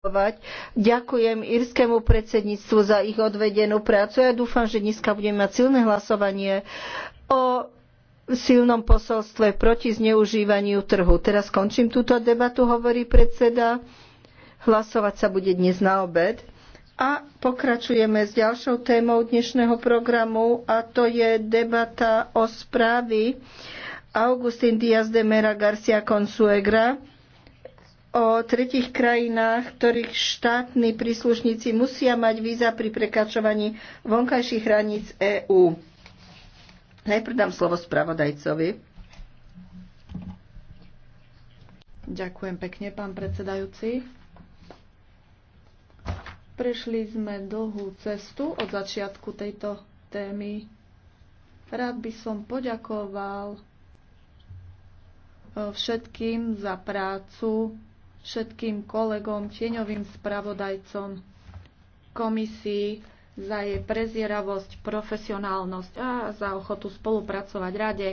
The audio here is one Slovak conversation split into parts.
poďakovať. Ďakujem írskému predsedníctvu za ich odvedenú prácu. Ja dúfam, že dnes budeme mať silné hlasovanie o silnom posolstve proti zneužívaniu trhu. Teraz končím túto debatu, hovorí predseda. Hlasovať sa bude dnes na obed. A pokračujeme s ďalšou témou dnešného programu a to je debata o správy Augustin Díaz de Mera Garcia Consuegra o tretich krajinách, ktorých štátni príslušníci musia mať víza pri prekračovaní vonkajších hraníc EÚ. Najprv dám slovo spravodajcovi. Ďakujem pekne, pán predsedajúci. Prešli sme dlhú cestu od začiatku tejto témy. Rád by som poďakoval eh, všetkým za prácu všetkým kolegom, tieňovým spravodajcom, komisii za jej prezieravosť, profesionálnosť a za ochotu spolupracovať rade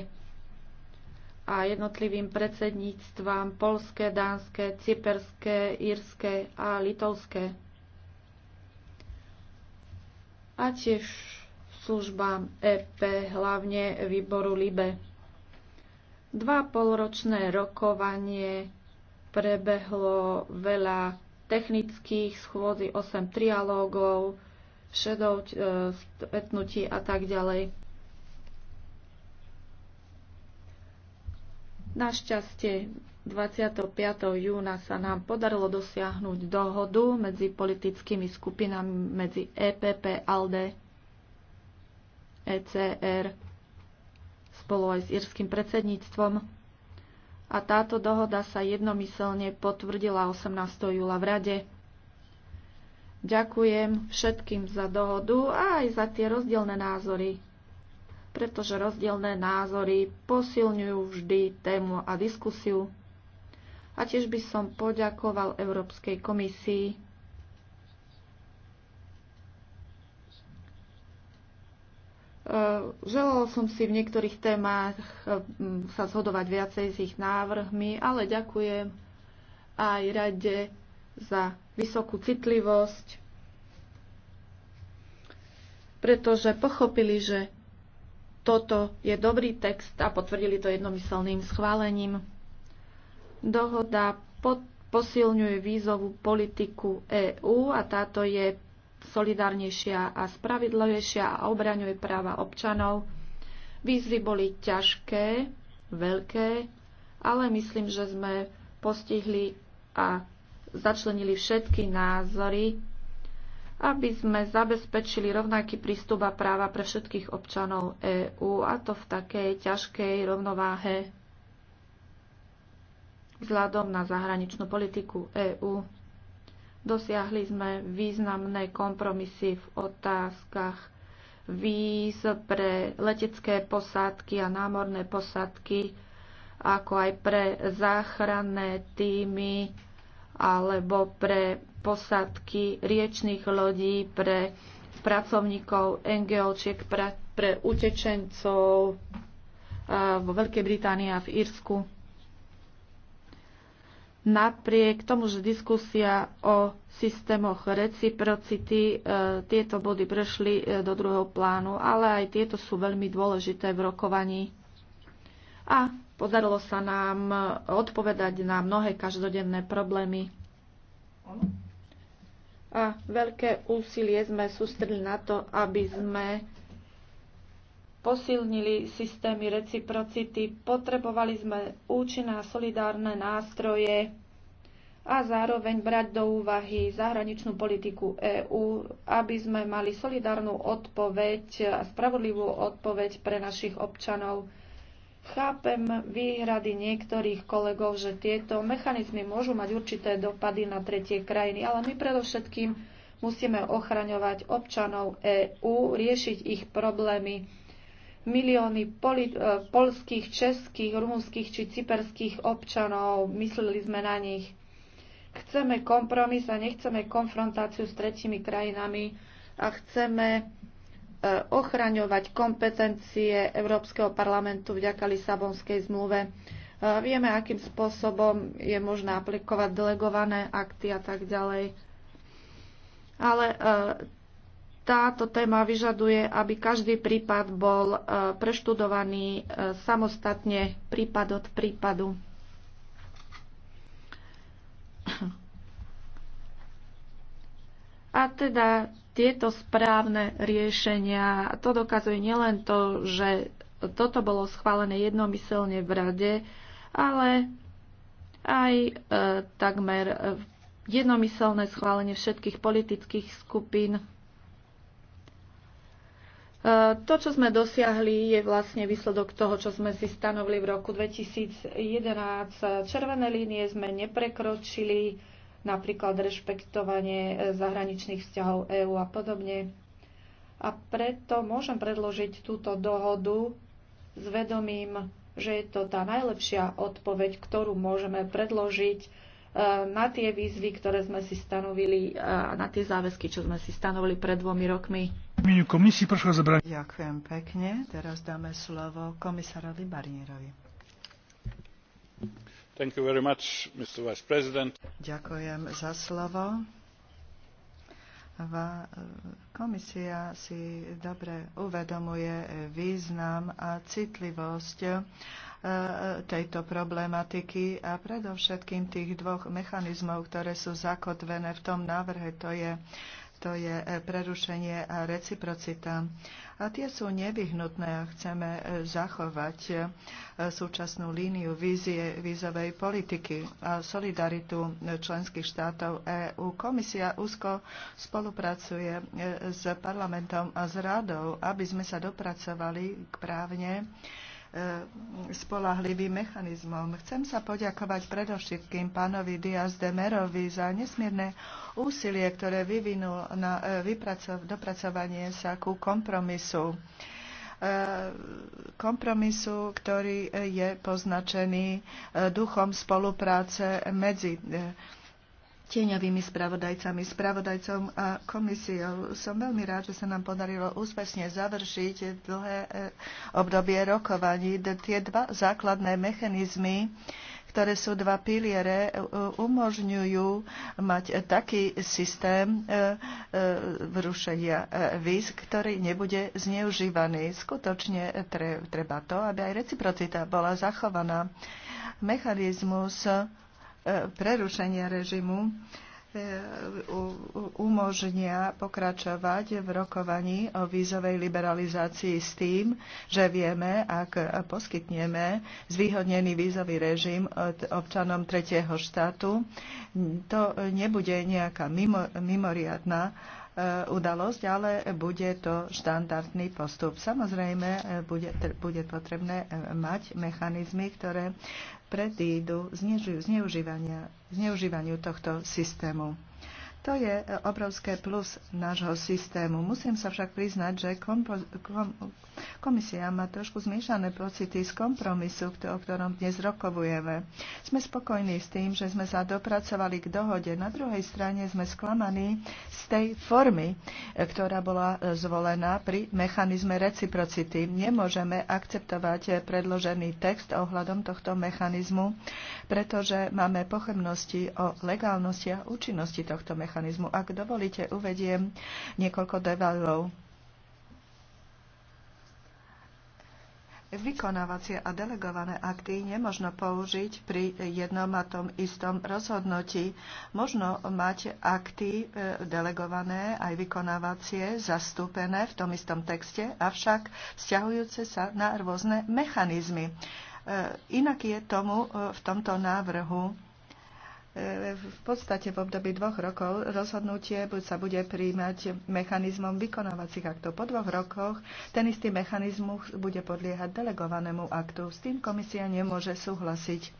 a jednotlivým predsedníctvám polské, dánske, cyperské, írske a litovské. A tiež službám EP, hlavne výboru LIBE. Dva polročné rokovanie Prebehlo veľa technických schôdzi, 8 trialógov, šedov, e, stretnutí a tak ďalej. Našťastie 25. júna sa nám podarilo dosiahnuť dohodu medzi politickými skupinami medzi EPP, ALDE, ECR spolu aj s írským predsedníctvom a táto dohoda sa jednomyselne potvrdila 18. júla v Rade. Ďakujem všetkým za dohodu a aj za tie rozdielne názory, pretože rozdielne názory posilňujú vždy tému a diskusiu. A tiež by som poďakoval Európskej komisii Eh, Želala som si v niektorých témach eh, sa zhodovať viacej s ich návrhmi, ale ďakujem aj rade za vysokú citlivosť, pretože pochopili, že toto je dobrý text a potvrdili to jednomyselným schválením. Dohoda posilňuje vízovú politiku EÚ a táto je solidárnejšia a spravidlivejšia a obraňuje práva občanov. Výzvy boli ťažké, veľké, ale myslím, že sme postihli a začlenili všetky názory, aby sme zabezpečili rovnaký prístup a práva pre všetkých občanov EÚ, a to v takej ťažkej rovnováhe vzhľadom na zahraničnú politiku EÚ. Dosiahli sme významné kompromisy v otázkach víz pre letecké posádky a námorné posádky, ako aj pre záchranné týmy alebo pre posádky riečných lodí, pre pracovníkov NGOčiek, pre, pre utečencov vo Veľkej Británii a v Írsku Napriek tomu, že diskusia o systémoch reciprocity, e, tieto body prešli e, do druhého plánu, ale aj tieto sú veľmi dôležité v rokovaní. A podarilo sa nám e, odpovedať na mnohé každodenné problémy. A veľké úsilie sme sústredili na to, aby sme posilnili systémy reciprocity, potrebovali sme účinné a solidárne nástroje a zároveň brať do úvahy zahraničnú politiku EÚ, aby sme mali solidárnu odpoveď a spravodlivú odpoveď pre našich občanov. Chápem výhrady niektorých kolegov, že tieto mechanizmy môžu mať určité dopady na tretie krajiny, ale my predovšetkým musíme ochraňovať občanov EÚ, riešiť ich problémy milióny poli- e, polských, českých, rumunských či cyperských občanov. Mysleli sme na nich. Chceme kompromis a nechceme konfrontáciu s tretimi krajinami a chceme e, ochraňovať kompetencie Európskeho parlamentu vďaka Lisabonskej zmluve. E, vieme, akým spôsobom je možné aplikovať delegované akty a tak ďalej. Ale táto téma vyžaduje, aby každý prípad bol e, preštudovaný e, samostatne prípad od prípadu. A teda tieto správne riešenia, to dokazuje nielen to, že toto bolo schválené jednomyselne v rade, ale aj e, takmer jednomyselné schválenie všetkých politických skupín E, to, čo sme dosiahli, je vlastne výsledok toho, čo sme si stanovili v roku 2011. Červené línie sme neprekročili, napríklad rešpektovanie e, zahraničných vzťahov EÚ a podobne. A preto môžem predložiť túto dohodu s vedomím, že je to tá najlepšia odpoveď, ktorú môžeme predložiť e, na tie výzvy, ktoré sme si stanovili a na tie záväzky, čo sme si stanovili pred dvomi rokmi. Komisii, Ďakujem Teraz Much, Ďakujem za slovo. Komisia si dobre uvedomuje význam a citlivosť e, tejto problematiky a predovšetkým tých dvoch mechanizmov, ktoré sú zakotvené v tom návrhe, to je to je e, prerušenie a e, reciprocita. A tie sú nevyhnutné a chceme e, zachovať súčasnú líniu vízie vízovej politiky a solidaritu členských štátov EÚ. Komisia úzko spolupracuje s parlamentom a s radou, aby sme sa dopracovali k právne E, spolahlivým mechanizmom. Chcem sa poďakovať predovšetkým pánovi Diaz de Merovi za nesmierne úsilie, ktoré vyvinul na e, dopracovanie sa ku kompromisu e, kompromisu, ktorý je poznačený duchom spolupráce medzi tieňovými spravodajcami, spravodajcom a komisiou. Som veľmi rád, že sa nám podarilo úspešne završiť dlhé eh, obdobie rokovaní. Tie dva základné mechanizmy, ktoré sú dva piliere, eh, umožňujú mať taký systém eh, vrušenia víz, ktorý nebude zneužívaný. Skutočne treba to, aby aj reciprocita bola zachovaná. Mechanizmus prerušenia režimu e, umožnia pokračovať v rokovaní o vízovej liberalizácii s tým, že vieme, ak poskytneme zvýhodnený vízový režim občanom tretieho štátu, to nebude nejaká mimo, mimoriadná e, udalosť, ale bude to štandardný postup. Samozrejme, e, bude, bude potrebné mať mechanizmy, ktoré predídu zneužívaniu tohto systému. To je e, obrovské plus nášho systému. Musím sa však priznať, že kompo- kom- komisia má trošku zmiešané pocity z kompromisu, o ktorom dnes rokovujeme. Sme spokojní s tým, že sme sa dopracovali k dohode. Na druhej strane sme sklamaní z tej formy, e, ktorá bola e, zvolená pri mechanizme reciprocity. Nemôžeme akceptovať predložený text ohľadom tohto mechanizmu, pretože máme pochybnosti o legálnosti a účinnosti tohto mechanizmu mechanizmu. Ak dovolíte, uvediem niekoľko devailov. Vykonávacie a delegované akty nemožno použiť pri jednom a tom istom rozhodnutí. Možno mať akty e, delegované aj vykonávacie zastúpené v tom istom texte, avšak vzťahujúce sa na rôzne mechanizmy. E, inak je tomu e, v tomto návrhu v podstate v období dvoch rokov rozhodnutie buď sa bude príjmať mechanizmom vykonávacích aktov. Po dvoch rokoch ten istý mechanizmus bude podliehať delegovanému aktu. S tým komisia nemôže súhlasiť.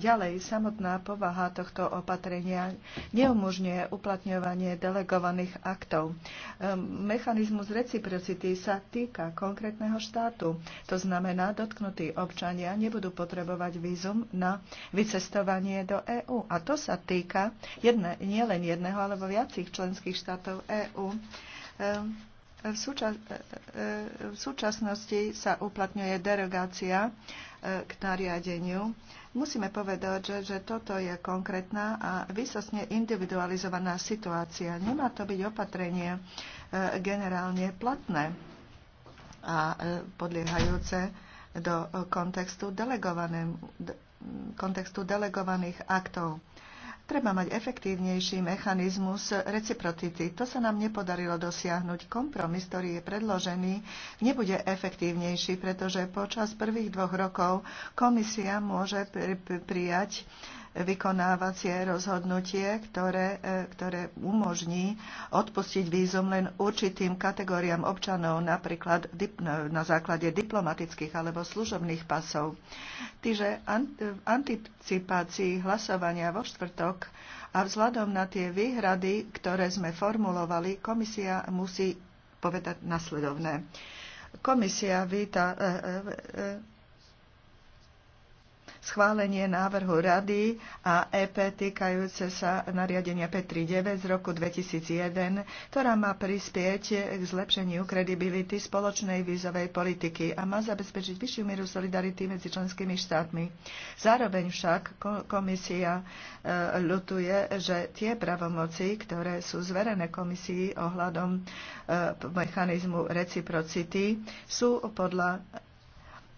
Ďalej, samotná povaha tohto opatrenia neumožňuje uplatňovanie delegovaných aktov. Ehm, mechanizmus reciprocity sa týka konkrétneho štátu. To znamená, dotknutí občania nebudú potrebovať vízum na vycestovanie do EÚ. A to sa týka jedne, nie len jedného, alebo viacich členských štátov EÚ. Ehm, v, súčas, e, e, v súčasnosti sa uplatňuje derogácia e, k nariadeniu. Musíme povedať, že, že toto je konkrétna a vysosne individualizovaná situácia. Nemá to byť opatrenie generálne platné a podliehajúce do kontextu, kontextu delegovaných aktov. Treba mať efektívnejší mechanizmus reciprocity. To sa nám nepodarilo dosiahnuť. Kompromis, ktorý je predložený, nebude efektívnejší, pretože počas prvých dvoch rokov komisia môže prijať vykonávacie rozhodnutie, ktoré, e, ktoré umožní odpustiť vízum len určitým kategóriám občanov, napríklad e, na základe diplomatických alebo služobných pasov. Čiže e, v anticipácii hlasovania vo štvrtok a vzhľadom na tie výhrady, ktoré sme formulovali, komisia musí povedať nasledovné. Komisia víta schválenie návrhu Rady a EP týkajúce sa nariadenia P39 z roku 2001, ktorá má prispieť k zlepšeniu kredibility spoločnej vízovej politiky a má zabezpečiť vyššiu mieru solidarity medzi členskými štátmi. Zároveň však komisia e, ľutuje, že tie pravomoci, ktoré sú zverené komisii ohľadom e, mechanizmu reciprocity, sú podľa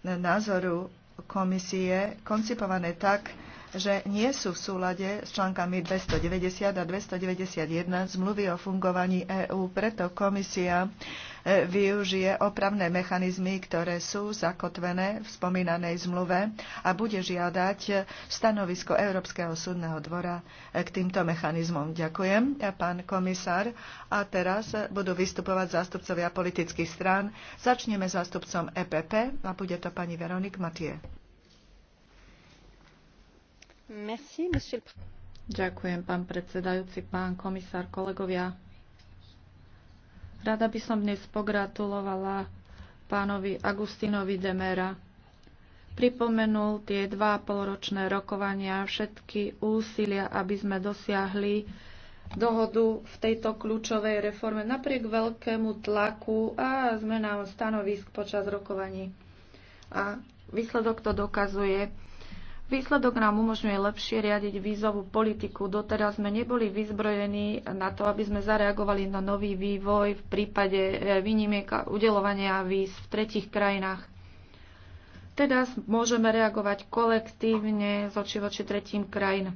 názoru komisie koncipované tak, že nie sú v súlade s článkami 290 a 291 zmluvy o fungovaní EÚ. Preto komisia využije opravné mechanizmy, ktoré sú zakotvené v spomínanej zmluve a bude žiadať stanovisko Európskeho súdneho dvora eh, k týmto mechanizmom. Ďakujem, eh, pán komisár. A teraz eh, budú vystupovať zástupcovia politických strán. Začneme zástupcom EPP a bude to pani Veronik Matie. Merci, Ďakujem, pán predsedajúci, pán komisár, kolegovia. Rada by som dnes pogratulovala pánovi Agustinovi Demera. Pripomenul tie dva polročné rokovania všetky úsilia, aby sme dosiahli dohodu v tejto kľúčovej reforme napriek veľkému tlaku a zmenám stanovisk počas rokovaní. A výsledok to dokazuje. Výsledok nám umožňuje lepšie riadiť vízovú politiku. Doteraz sme neboli vyzbrojení na to, aby sme zareagovali na nový vývoj v prípade eh, výnimiek a udelovania víz v tretich krajinách. Teda môžeme reagovať kolektívne z oči voči tretím krajín,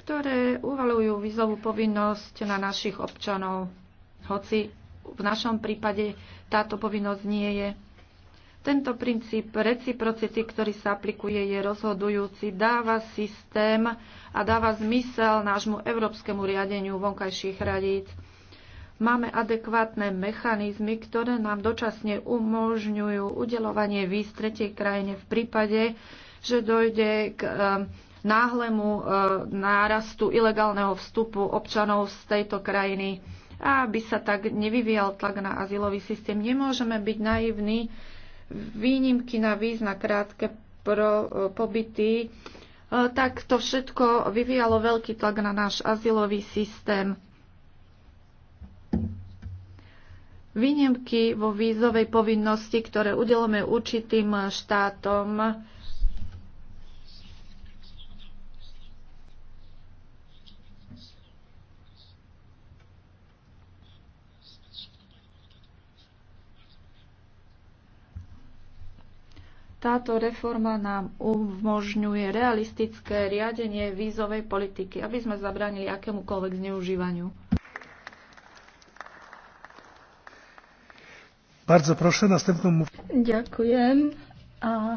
ktoré uvalujú vízovú povinnosť na našich občanov, hoci v našom prípade táto povinnosť nie je tento princíp reciprocity, ktorý sa aplikuje, je rozhodujúci, dáva systém a dáva zmysel nášmu európskemu riadeniu vonkajších radíc. Máme adekvátne mechanizmy, ktoré nám dočasne umožňujú udelovanie víz tretej krajine v prípade, že dojde k e, náhlemu e, nárastu ilegálneho vstupu občanov z tejto krajiny. A aby sa tak nevyvíjal tlak na azylový systém, nemôžeme byť naivní, výnimky na víz na krátke pro, e, pobyty, e, tak to všetko vyvíjalo veľký tlak na náš azylový systém. Výnimky vo vízovej povinnosti, ktoré udelujeme určitým štátom, Táto reforma nám umožňuje realistické riadenie vízovej politiky, aby sme zabránili akémukoľvek zneužívaniu. Bardzo proszę, następną Ďakujem. A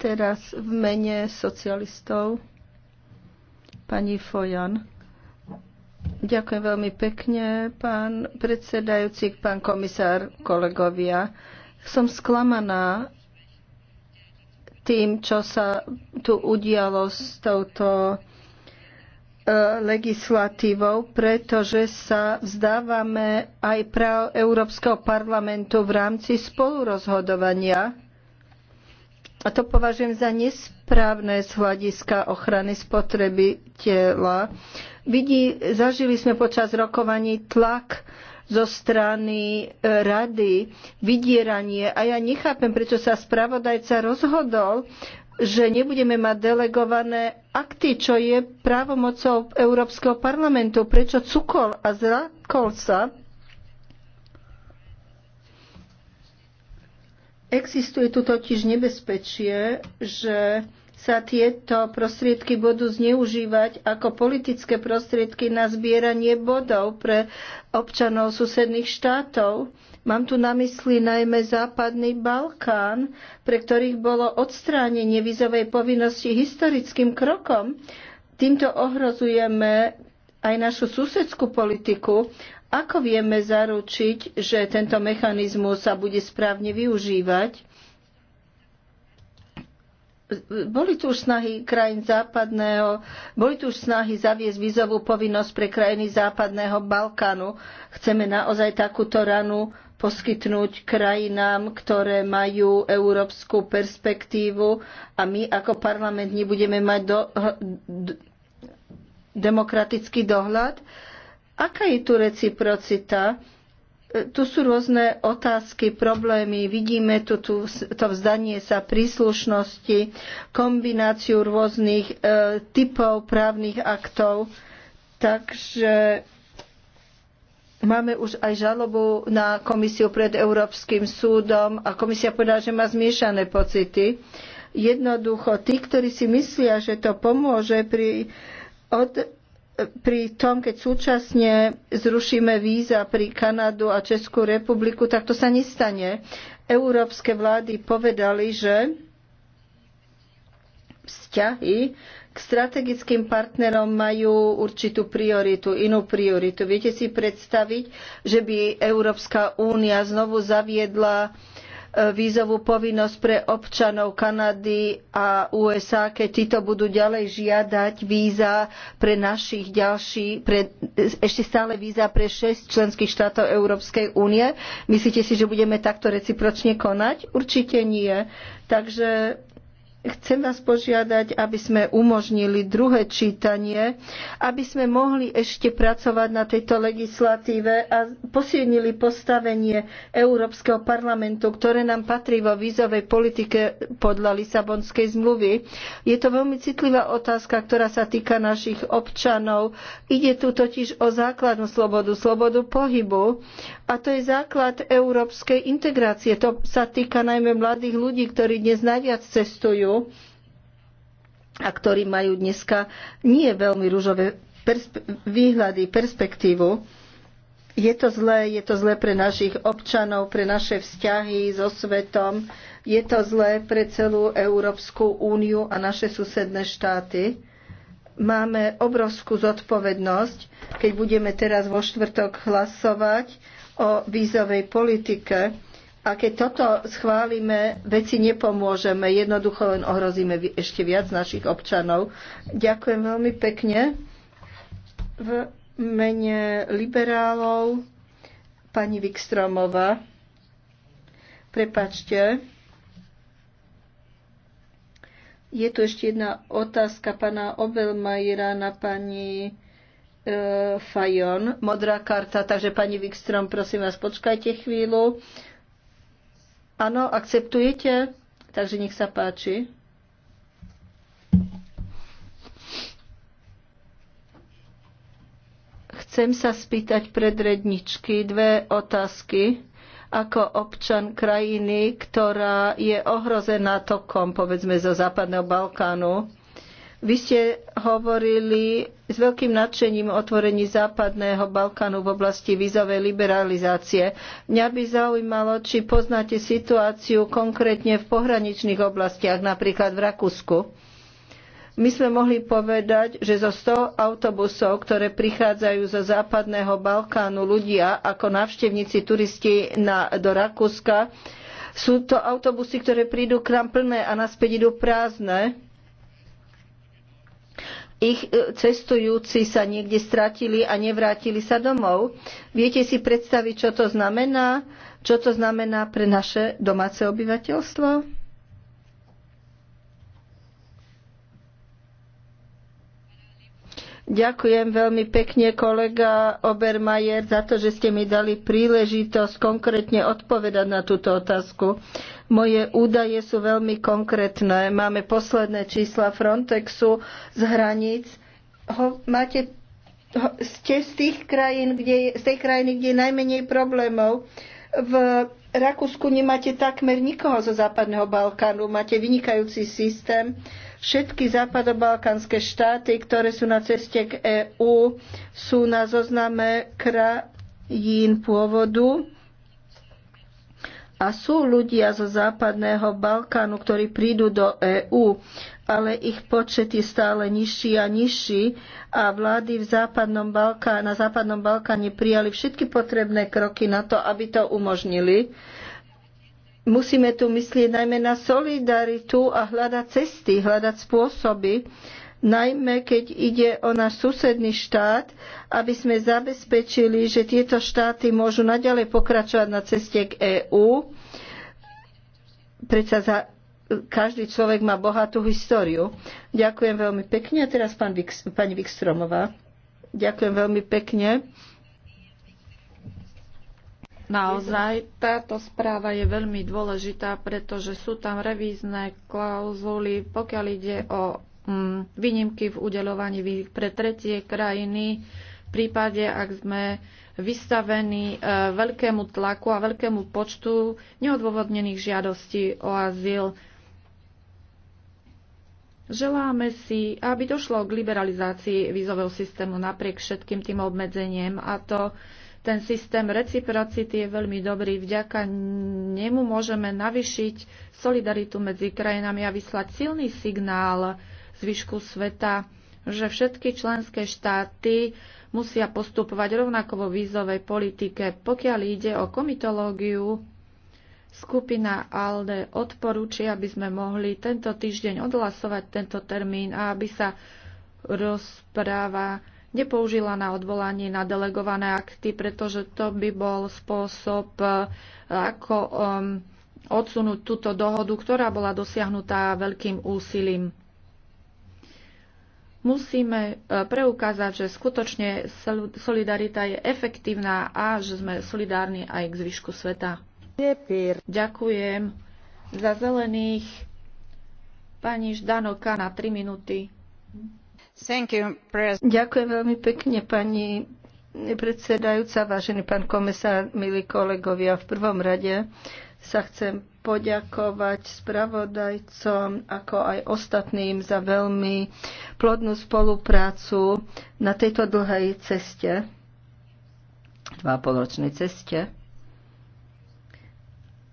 teraz v mene socialistov pani Fojan. Ďakujem veľmi pekne, pán predsedajúci, pán komisár, kolegovia. Som sklamaná tým, čo sa tu udialo s touto e, legislatívou, pretože sa vzdávame aj práv Európskeho parlamentu v rámci spolurozhodovania. A to považujem za nesprávne z hľadiska ochrany spotrebiteľa. Vidí, zažili sme počas rokovaní tlak zo strany e, rady, vydieranie. A ja nechápem, prečo sa spravodajca rozhodol, že nebudeme mať delegované akty, čo je právomocou Európskeho parlamentu. Prečo cukol a zrakol sa? Existuje tu totiž nebezpečie, že sa tieto prostriedky budú zneužívať ako politické prostriedky na zbieranie bodov pre občanov susedných štátov. Mám tu na mysli najmä Západný Balkán, pre ktorých bolo odstránenie vizovej povinnosti historickým krokom. Týmto ohrozujeme aj našu susedskú politiku. Ako vieme zaručiť, že tento mechanizmus sa bude správne využívať? boli tu už snahy krajín západného, boli tu už snahy zaviesť vízovú povinnosť pre krajiny západného Balkánu. Chceme naozaj takúto ranu poskytnúť krajinám, ktoré majú európsku perspektívu a my ako parlament nebudeme mať do, demokratický dohľad. Aká je tu reciprocita? tu sú rôzne otázky, problémy. Vidíme tu, tu to vzdanie sa príslušnosti, kombináciu rôznych e, typov právnych aktov. Takže máme už aj žalobu na komisiu pred Európskym súdom a komisia povedala, že má zmiešané pocity. Jednoducho, tí, ktorí si myslia, že to pomôže pri od, pri tom, keď súčasne zrušíme víza pri Kanadu a Českú republiku, tak to sa nestane. Európske vlády povedali, že vzťahy k strategickým partnerom majú určitú prioritu, inú prioritu. Viete si predstaviť, že by Európska únia znovu zaviedla vízovú povinnosť pre občanov Kanady a USA, keď títo budú ďalej žiadať víza pre našich ďalší, pre, ešte stále víza pre 6 členských štátov Európskej únie. Myslíte si, že budeme takto recipročne konať? Určite nie. Takže Chcem vás požiadať, aby sme umožnili druhé čítanie, aby sme mohli ešte pracovať na tejto legislatíve a posilnili postavenie Európskeho parlamentu, ktoré nám patrí vo vízovej politike podľa Lisabonskej zmluvy. Je to veľmi citlivá otázka, ktorá sa týka našich občanov. Ide tu totiž o základnú slobodu, slobodu pohybu a to je základ európskej integrácie. To sa týka najmä mladých ľudí, ktorí dnes najviac cestujú a ktorí majú dneska nie veľmi rúžové perspe- výhľady, perspektívu. Je to zlé, je to zlé pre našich občanov, pre naše vzťahy so svetom, je to zlé pre celú Európsku úniu a naše susedné štáty. Máme obrovskú zodpovednosť, keď budeme teraz vo štvrtok hlasovať o vízovej politike a keď toto schválime, veci nepomôžeme, jednoducho len ohrozíme ešte viac našich občanov. Ďakujem veľmi pekne. V mene liberálov pani Vikstromová. Prepačte. Je tu ešte jedna otázka pana Obelmajera na pani e, Fajon. Modrá karta, takže pani Vikstrom, prosím vás, počkajte chvíľu. Áno, akceptujete? Takže nech sa páči. Chcem sa spýtať predredničky dve otázky ako občan krajiny, ktorá je ohrozená tokom, povedzme, zo Západného Balkánu vy ste hovorili s veľkým nadšením o otvorení Západného Balkánu v oblasti vízovej liberalizácie. Mňa by zaujímalo, či poznáte situáciu konkrétne v pohraničných oblastiach, napríklad v Rakúsku. My sme mohli povedať, že zo 100 autobusov, ktoré prichádzajú zo Západného Balkánu ľudia ako návštevníci turisti na, do Rakúska, sú to autobusy, ktoré prídu k nám plné a naspäť idú prázdne ich e, cestujúci sa niekde stratili a nevrátili sa domov. Viete si predstaviť, čo to znamená? Čo to znamená pre naše domáce obyvateľstvo? Ďakujem veľmi pekne kolega Obermajer za to, že ste mi dali príležitosť konkrétne odpovedať na túto otázku. Moje údaje sú veľmi konkrétne. Máme posledné čísla Frontexu z hraníc. Ho, máte, ho, ste z, tých krajín, kde je, z tej krajiny, kde je najmenej problémov. V Rakúsku nemáte takmer nikoho zo západného Balkánu, máte vynikajúci systém. Všetky západobalkánske štáty, ktoré sú na ceste k EÚ, sú na zozname krajín pôvodu a sú ľudia zo západného Balkánu, ktorí prídu do EÚ, ale ich počet je stále nižší a nižší a vlády v západnom Balkáne na západnom Balkáne prijali všetky potrebné kroky na to, aby to umožnili. Musíme tu myslieť najmä na solidaritu a hľadať cesty, hľadať spôsoby, najmä keď ide o náš susedný štát, aby sme zabezpečili, že tieto štáty môžu naďalej pokračovať na ceste k EÚ. Predsa za každý človek má bohatú históriu. Ďakujem veľmi pekne. A teraz pán Vix, pani Vikstromová. Ďakujem veľmi pekne. Naozaj táto správa je veľmi dôležitá, pretože sú tam revízne klauzuly, pokiaľ ide o Mm, výnimky v udeľovaní pre tretie krajiny v prípade, ak sme vystavení e, veľkému tlaku a veľkému počtu neodôvodnených žiadostí o azyl. Želáme si, aby došlo k liberalizácii vízového systému napriek všetkým tým obmedzeniem a to ten systém reciprocity je veľmi dobrý. Vďaka nemu môžeme navyšiť solidaritu medzi krajinami a vyslať silný signál zvyšku sveta, že všetky členské štáty musia postupovať rovnako vo vízovej politike. Pokiaľ ide o komitológiu, skupina ALDE odporúči, aby sme mohli tento týždeň odhlasovať tento termín a aby sa rozpráva nepoužila na odvolanie na delegované akty, pretože to by bol spôsob, eh, ako um, odsunúť túto dohodu, ktorá bola dosiahnutá veľkým úsilím. Musíme e, preukázať, že skutočne solidarita je efektívna a že sme solidárni aj k zvyšku sveta. Ďakujem za zelených. Pani Ždanoka na 3 minúty. You, Ďakujem veľmi pekne, pani predsedajúca, vážený pán komisár, milí kolegovia. V prvom rade sa chcem poďakovať spravodajcom, ako aj ostatným za veľmi plodnú spoluprácu na tejto dlhej ceste, dva poločnej ceste.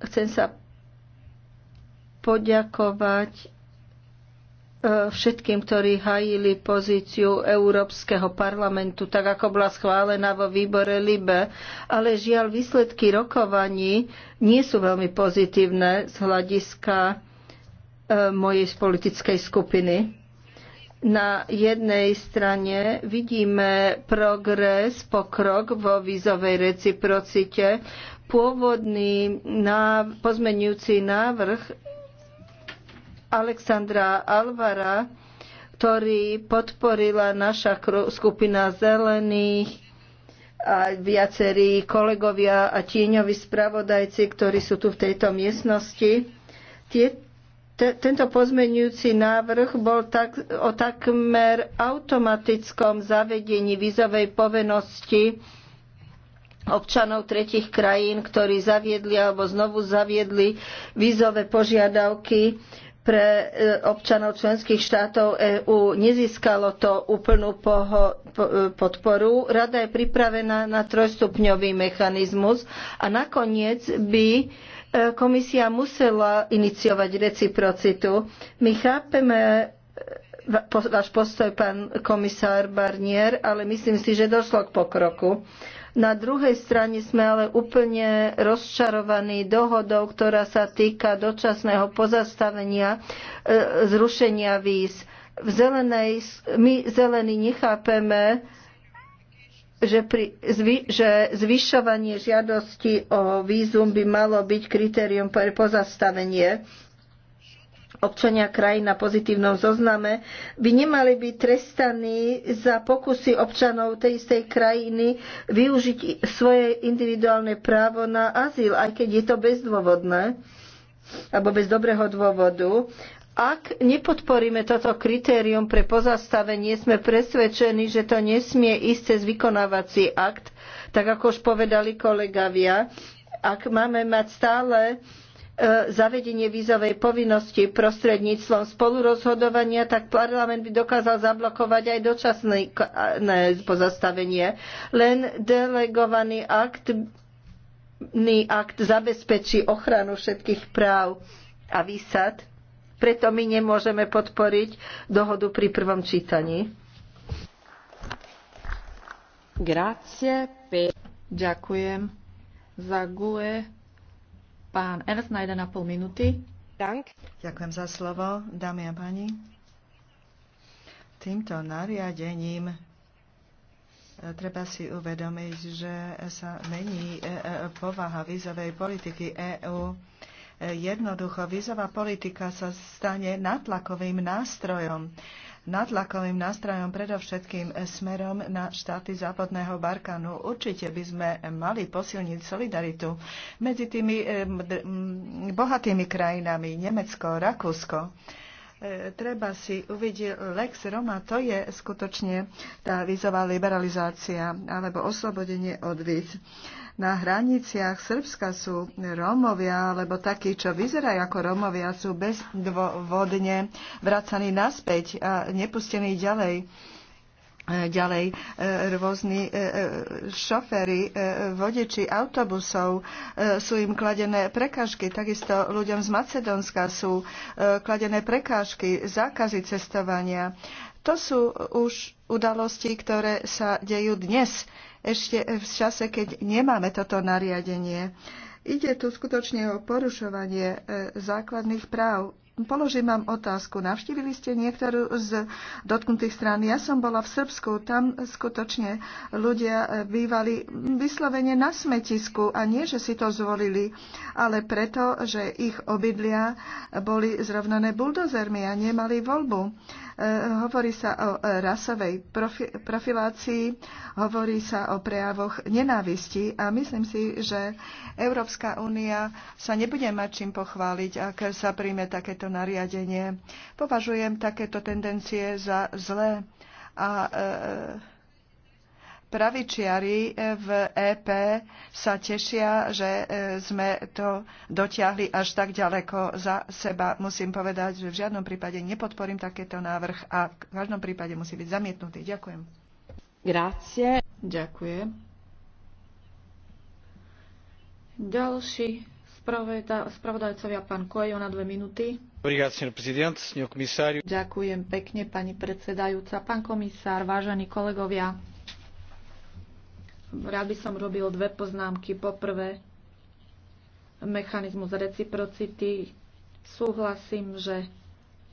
Chcem sa poďakovať všetkým, ktorí hajili pozíciu Európskeho parlamentu, tak ako bola schválená vo výbore LIBE. Ale žiaľ, výsledky rokovaní nie sú veľmi pozitívne z hľadiska e, mojej politickej skupiny. Na jednej strane vidíme progres, pokrok vo vízovej reciprocite. Pôvodný pozmenujúci návrh Alexandra Alvara, ktorý podporila naša skupina zelených a viacerí kolegovia a tieňoví spravodajci, ktorí sú tu v tejto miestnosti. Tie, te, tento pozmenujúci návrh bol tak, o takmer automatickom zavedení vízovej povinnosti občanov tretich krajín, ktorí zaviedli alebo znovu zaviedli vízové požiadavky pre e, občanov členských štátov EÚ. Nezískalo to úplnú e, podporu. Rada je pripravená na trojstupňový mechanizmus a nakoniec by e, komisia musela iniciovať reciprocitu. My chápeme váš postoj, pán komisár Barnier, ale myslím si, že došlo k pokroku. Na druhej strane sme ale úplne rozčarovaní dohodou, ktorá sa týka dočasného pozastavenia e, zrušenia víz. V zelenej, my zelení nechápeme, že, pri, zvy, že zvyšovanie žiadosti o vízum by malo byť kritérium pre pozastavenie občania krajín na pozitívnom zozname by nemali byť trestaní za pokusy občanov tej istej krajiny využiť svoje individuálne právo na azyl, aj keď je to bezdôvodné alebo bez dobrého dôvodu. Ak nepodporíme toto kritérium pre pozastavenie, sme presvedčení, že to nesmie ísť cez vykonávací akt, tak ako už povedali kolegavia. Ak máme mať stále E, zavedenie vízovej povinnosti prostredníctvom spolurozhodovania, tak parlament by dokázal zablokovať aj dočasné pozastavenie. Len delegovaný akt, akt zabezpečí ochranu všetkých práv a výsad. Preto my nemôžeme podporiť dohodu pri prvom čítaní. Grazie. Ďakujem za GUE Pán Ernst na 1,5 minúty. Dank. Ďakujem za slovo, dámy a páni. Týmto nariadením e, treba si uvedomiť, že sa mení e, e, povaha vízovej politiky EÚ. Jednoducho, vízová politika sa stane natlakovým nástrojom natlakovým nástrojom predovšetkým smerom na štáty západného Barkánu. Určite by sme mali posilniť solidaritu medzi tými eh, bohatými krajinami Nemecko, Rakúsko E, treba si uvidieť e, Lex Roma, to je skutočne tá vízová liberalizácia alebo oslobodenie od víz. Na hraniciach Srbska sú Rómovia, alebo takí, čo vyzerajú ako Rómovia, sú bezvodne vracaní naspäť a nepustení ďalej E, ďalej e, rôzni e, šoféry, vodiči autobusov, sú im kladené prekážky, takisto ľuďom z Macedónska sú kladené prekážky, zákazy cestovania. To sú už udalosti, ktoré sa dejú dnes, ešte v čase, keď nemáme toto nariadenie. Ide tu skutočne o porušovanie základných práv Položím vám otázku. Navštívili ste niektorú z dotknutých strán? Ja som bola v Srbsku. Tam skutočne ľudia e, bývali vyslovene na smetisku a nie, že si to zvolili, ale preto, že ich obydlia boli zrovnané buldozermi a nemali voľbu. E, hovorí sa o e, rasovej profilácii, hovorí sa o prejavoch nenávisti a myslím si, že Európska únia sa nebude mať čím pochváliť, ak sa príjme takéto nariadenie. Považujem takéto tendencie za zlé a e, pravičiari e, v EP sa tešia, že e, sme to dotiahli až tak ďaleko za seba. Musím povedať, že v žiadnom prípade nepodporím takéto návrh a v každom prípade musí byť zamietnutý. Ďakujem. Grácie. Ďakujem. Ďalší spravodajcovia, pán Kojo, na dve minúty. Ďakujem pekne, pani predsedajúca, pán komisár, vážení kolegovia rád by som robil dve poznámky. Poprvé, mechanizmus reciprocity. Súhlasím, že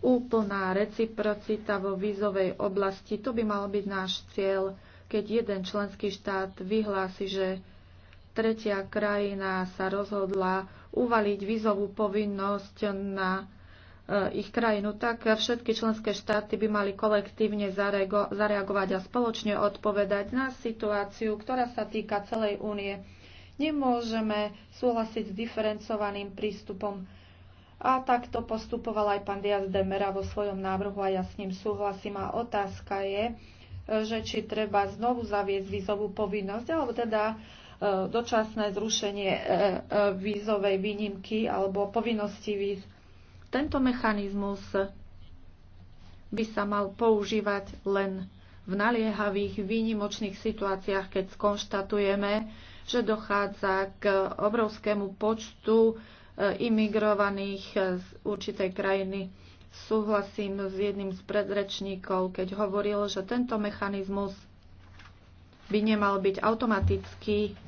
úplná reciprocita vo vízovej oblasti, to by mal byť náš cieľ, keď jeden členský štát vyhlási, že tretia krajina sa rozhodla uvaliť vízovú povinnosť na ich krajinu, tak všetky členské štáty by mali kolektívne zareagovať a spoločne odpovedať na situáciu, ktorá sa týka celej únie. Nemôžeme súhlasiť s diferencovaným prístupom. A takto postupoval aj pán Diaz de Mera vo svojom návrhu a ja s ním súhlasím. A otázka je, že či treba znovu zaviesť vízovú povinnosť, alebo teda e, dočasné zrušenie e, e, vízovej výnimky alebo povinnosti víz. Víz tento mechanizmus by sa mal používať len v naliehavých výnimočných situáciách, keď skonštatujeme, že dochádza k obrovskému počtu e, imigrovaných z určitej krajiny. Súhlasím s jedným z predrečníkov, keď hovoril, že tento mechanizmus by nemal byť automatický.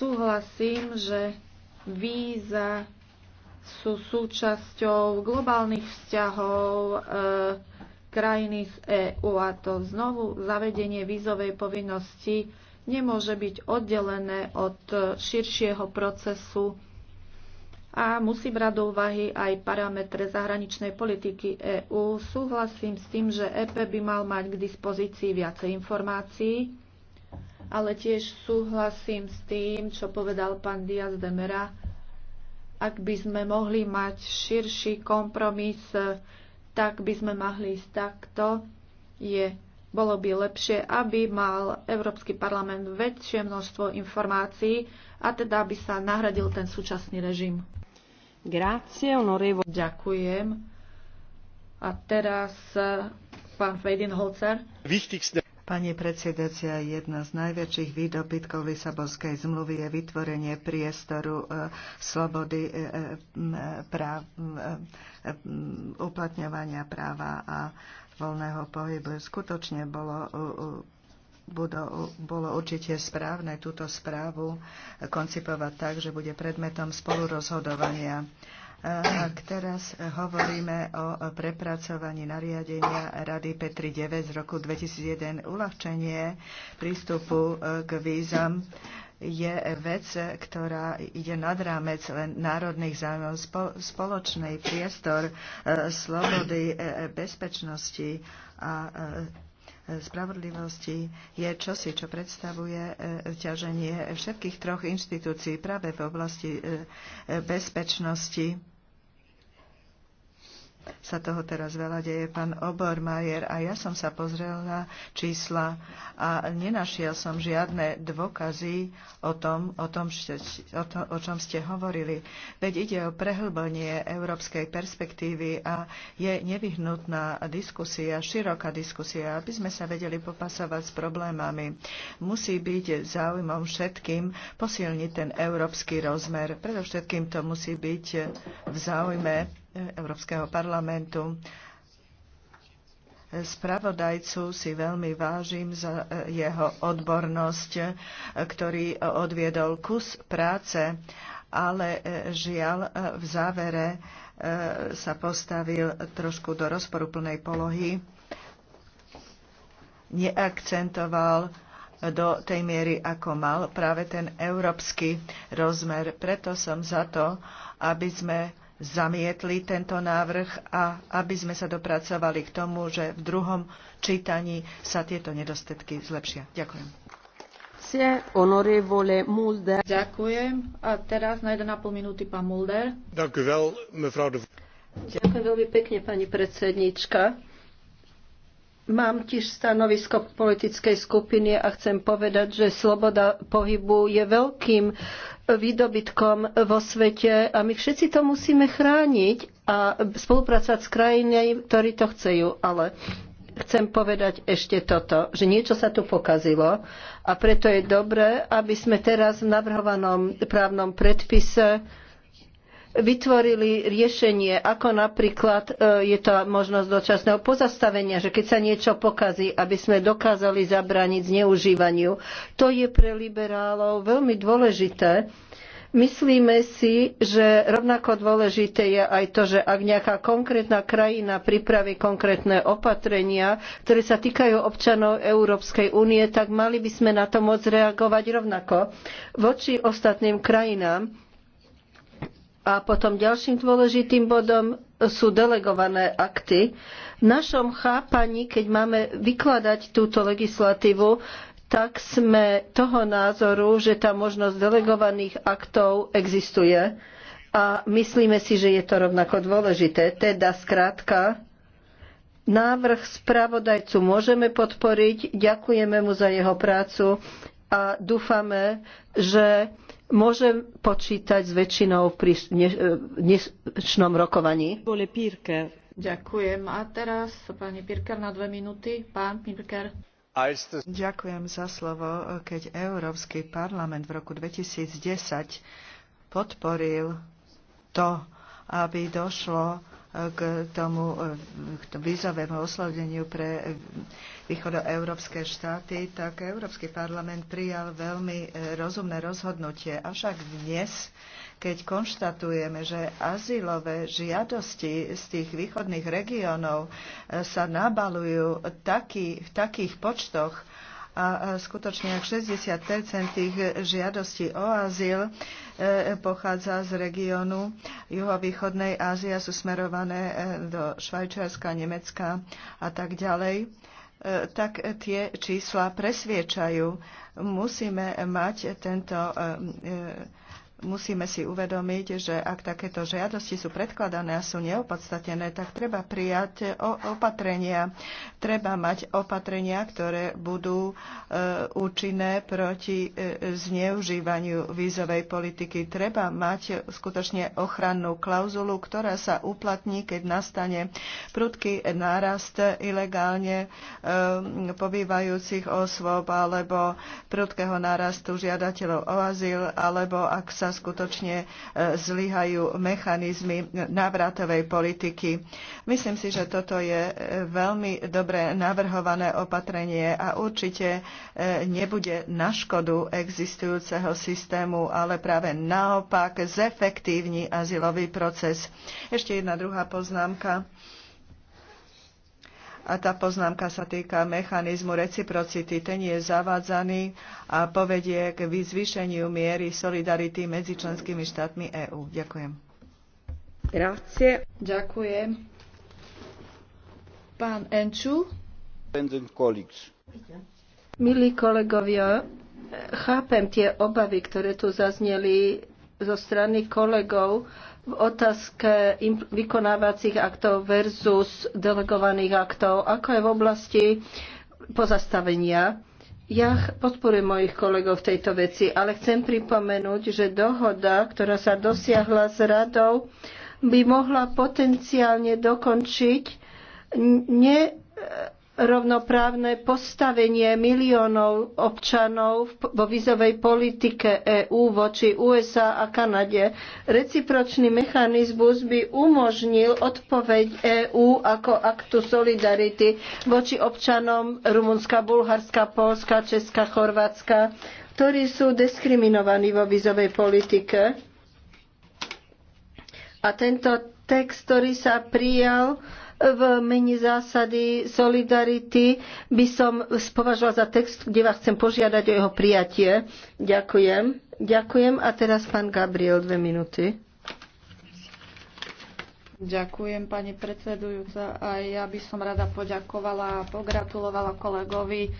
Súhlasím, že víza sú súčasťou globálnych vzťahov e, krajiny z EÚ a to znovu zavedenie vízovej povinnosti nemôže byť oddelené od širšieho procesu a musí brať do úvahy aj parametre zahraničnej politiky EÚ. Súhlasím s tým, že EP by mal mať k dispozícii viacej informácií ale tiež súhlasím s tým, čo povedal pán Diaz de Mera. Ak by sme mohli mať širší kompromis, tak by sme mohli ísť takto. Je, bolo by lepšie, aby mal Európsky parlament väčšie množstvo informácií a teda by sa nahradil ten súčasný režim. Grazie, onorevo. Ďakujem. A teraz eh, pán Fejdin Holzer. Wichtigste Pani predsedacia, jedna z najväčších výdobytkov Lisabonskej zmluvy je vytvorenie priestoru e, slobody e, e, práv, uplatňovania práva a voľného pohybu. Skutočne bolo budú, bolo určite správne túto správu koncipovať tak, že bude predmetom spolurozhodovania. Ak teraz hovoríme o prepracovaní nariadenia Rady Petri 9 z roku 2001, uľahčenie prístupu e, k vízam je vec, ktorá ide nad rámec len národných zájmov, spoločnej priestor, e, slobody, e, bezpečnosti a spravodlivosti je čosi, čo predstavuje e, ťaženie všetkých troch inštitúcií práve v oblasti e, bezpečnosti sa toho teraz veľa deje, pán Obormajer, a ja som sa pozrel na čísla a nenašiel som žiadne dôkazy o tom, o, tom, o, to, o čom ste hovorili. Veď ide o prehlbenie európskej perspektívy a je nevyhnutná diskusia, široká diskusia, aby sme sa vedeli popasovať s problémami. Musí byť záujmom všetkým posilniť ten európsky rozmer. Predovšetkým to musí byť v záujme Európskeho parlamentu. Spravodajcu si veľmi vážim za e, jeho odbornosť, e, ktorý odviedol kus práce, ale e, žiaľ v závere sa postavil trošku do rozporuplnej polohy. Neakcentoval do tej miery, ako mal práve ten európsky rozmer. Preto som za to, aby sme zamietli tento návrh a aby sme sa dopracovali k tomu, že v druhom čítaní sa tieto nedostatky zlepšia. Ďakujem. Ďakujem. A teraz na 1,5 minúty pán Mulder. Ďakujem veľmi pekne, pani predsednička Mám tiež stanovisko politickej skupiny a chcem povedať, že sloboda pohybu je veľkým výdobytkom vo svete a my všetci to musíme chrániť a spolupracovať s krajinami, ktorí to chcejú. Ale chcem povedať ešte toto, že niečo sa tu pokazilo a preto je dobré, aby sme teraz v navrhovanom právnom predpise vytvorili riešenie, ako napríklad e, je to možnosť dočasného pozastavenia, že keď sa niečo pokazí, aby sme dokázali zabrániť zneužívaniu. To je pre liberálov veľmi dôležité. Myslíme si, že rovnako dôležité je aj to, že ak nejaká konkrétna krajina pripraví konkrétne opatrenia, ktoré sa týkajú občanov Európskej únie, tak mali by sme na to môcť reagovať rovnako. Voči ostatným krajinám a potom ďalším dôležitým bodom sú delegované akty. V našom chápaní, keď máme vykladať túto legislatívu, tak sme toho názoru, že tá možnosť delegovaných aktov existuje a myslíme si, že je to rovnako dôležité. Teda skrátka, návrh spravodajcu môžeme podporiť, ďakujeme mu za jeho prácu a dúfame, že môže počítať s väčšinou v e, dnešnom rokovaní. Ďakujem. A teraz pani Pirker na dve minúty. Pán Pirker. Ďakujem za slovo. Keď Európsky parlament v roku 2010 podporil to, aby došlo k tomu, eh, k tomu vízovému osloveniu pre eh, východoeurópske štáty, tak Európsky parlament prijal veľmi eh, rozumné rozhodnutie. Avšak dnes, keď konštatujeme, že azylové žiadosti z tých východných regiónov sa nabalujú taký, v takých počtoch, a skutočne ak 60 tých žiadostí o azyl e, pochádza z regiónu juhovýchodnej Ázie a sú smerované e, do Švajčiarska, Nemecka a tak ďalej e, tak tie čísla presviečajú. Musíme mať tento musíme si uvedomiť, že ak takéto žiadosti sú predkladané a sú neopodstatené, tak treba prijať e, opatrenia. Treba mať opatrenia, ktoré budú e, účinné proti e, zneužívaniu vízovej politiky. Treba mať skutočne ochrannú klauzulu, ktorá sa uplatní, keď nastane prudký nárast ilegálne pobývajúcich osôb alebo prudkého nárastu žiadateľov o azyl alebo ak sa potom skutočne e, zlyhajú mechanizmy návratovej politiky. Myslím si, že toto je e, veľmi dobre navrhované opatrenie a určite e, nebude na škodu existujúceho systému, ale práve naopak zefektívni azylový proces. Ešte jedna druhá poznámka. A tá poznámka sa týka mechanizmu reciprocity. Ten je zavádzaný a povedie k zvýšeniu miery solidarity medzi členskými štátmi EÚ. Ďakujem. Grazie. Ďakujem. Pán Enču. Milí kolegovia, chápem tie obavy, ktoré tu zazneli zo strany kolegov, v otázke vykonávacích aktov versus delegovaných aktov, ako je v oblasti pozastavenia. Ja podporujem mojich kolegov v tejto veci, ale chcem pripomenúť, že dohoda, ktorá sa dosiahla s radou, by mohla potenciálne dokončiť ne, rovnoprávne postavenie miliónov občanov vo vízovej politike EÚ voči USA a Kanade. Recipročný mechanizmus by umožnil odpoveď EÚ ako aktu solidarity voči občanom Rumunska, Bulharska, Polska, Česka, Chorvátska, ktorí sú diskriminovaní vo vízovej politike. A tento text, ktorý sa prijal, v mene zásady solidarity by som spovažovala za text, kde vás chcem požiadať o jeho prijatie. Ďakujem. Ďakujem. A teraz pán Gabriel, dve minúty. Ďakujem, pani predsedujúca. A ja by som rada poďakovala a pogratulovala kolegovi